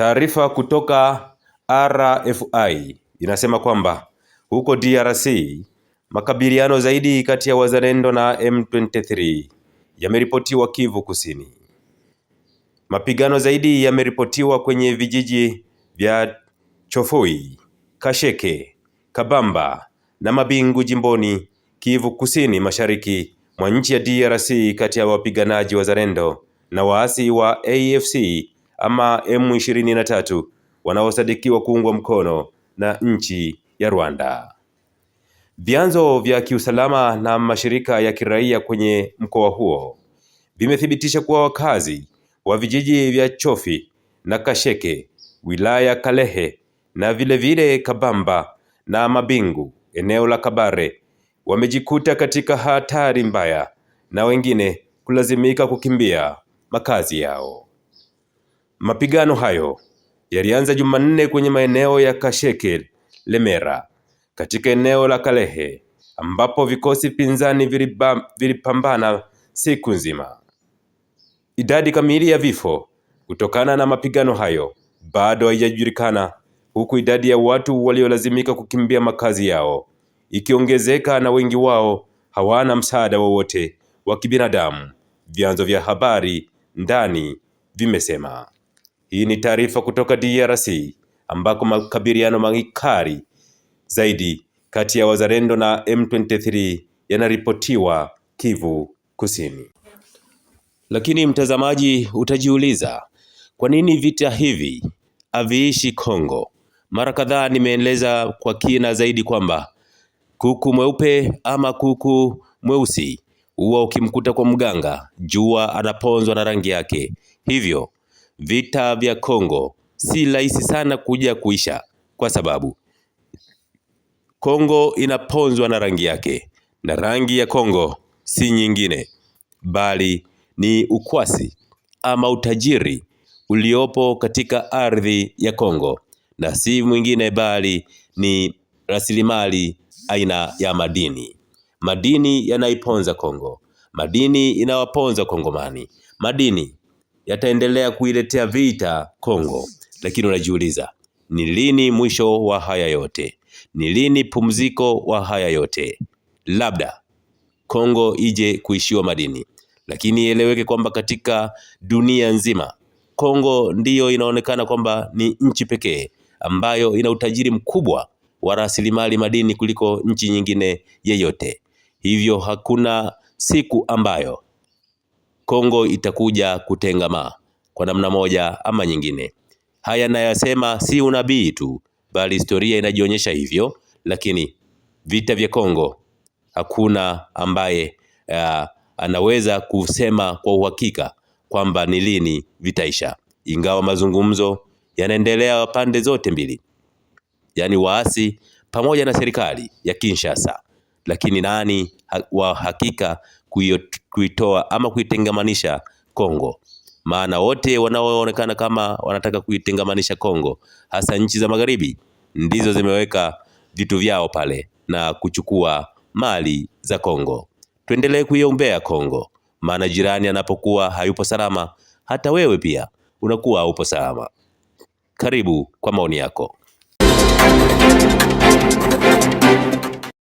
Taarifa kutoka RFI inasema kwamba huko DRC makabiliano zaidi kati ya wazalendo na M23 yameripotiwa Kivu Kusini. Mapigano zaidi yameripotiwa kwenye vijiji vya Chofoi, Kasheke, Kabamba na Mabingu jimboni Kivu Kusini mashariki mwa nchi ya DRC kati ya wapiganaji wazalendo na waasi wa AFC ama M23 wanaosadikiwa kuungwa mkono na nchi ya Rwanda. Vyanzo vya kiusalama na mashirika ya kiraia kwenye mkoa huo vimethibitisha kuwa wakazi wa vijiji vya Chofi na Kasheke, wilaya Kalehe na vilevile vile Kabamba na Mabingu, eneo la Kabare, wamejikuta katika hatari mbaya na wengine kulazimika kukimbia makazi yao. Mapigano hayo yalianza Jumanne kwenye maeneo ya Kasheke Lemera, katika eneo la Kalehe ambapo vikosi pinzani vilipambana siku nzima. Idadi kamili ya vifo kutokana na mapigano hayo bado haijajulikana, huku idadi ya watu waliolazimika kukimbia makazi yao ikiongezeka na wengi wao hawana msaada wowote wa, wa kibinadamu, vyanzo vya habari ndani vimesema. Hii ni taarifa kutoka DRC ambako makabiliano makali zaidi kati ya wazalendo na M23 yanaripotiwa Kivu Kusini. Lakini mtazamaji, utajiuliza kwa nini vita hivi haviishi Kongo? Mara kadhaa nimeeleza kwa kina zaidi kwamba kuku mweupe ama kuku mweusi huwa ukimkuta kwa mganga, jua anaponzwa na rangi yake, hivyo vita vya Kongo si rahisi sana kuja kuisha kwa sababu Kongo inaponzwa na rangi yake, na rangi ya Kongo si nyingine bali ni ukwasi ama utajiri uliopo katika ardhi ya Kongo, na si mwingine bali ni rasilimali aina ya madini. Madini yanaiponza Kongo, madini inawaponza Kongomani, madini yataendelea kuiletea vita Kongo. Lakini unajiuliza ni lini mwisho wa haya yote? Ni lini pumziko wa haya yote? Labda Kongo ije kuishiwa madini, lakini ieleweke kwamba katika dunia nzima Kongo ndiyo inaonekana kwamba ni nchi pekee ambayo ina utajiri mkubwa wa rasilimali madini kuliko nchi nyingine yeyote. Hivyo hakuna siku ambayo Kongo itakuja kutengamaa kwa namna moja ama nyingine. Haya nayasema si unabii tu, bali historia inajionyesha hivyo. Lakini vita vya Kongo hakuna ambaye uh, anaweza kusema kwa uhakika kwamba ni lini vitaisha, ingawa mazungumzo yanaendelea pande zote mbili, yaani waasi pamoja na serikali ya Kinshasa. Lakini nani wa hakika kuiyo kuitoa ama kuitengamanisha Kongo, maana wote wanaoonekana kama wanataka kuitengamanisha Kongo, hasa nchi za magharibi, ndizo zimeweka vitu vyao pale na kuchukua mali za Kongo. Tuendelee kuiombea Kongo, maana jirani anapokuwa hayupo salama, hata wewe pia unakuwa haupo salama. Karibu kwa maoni yako.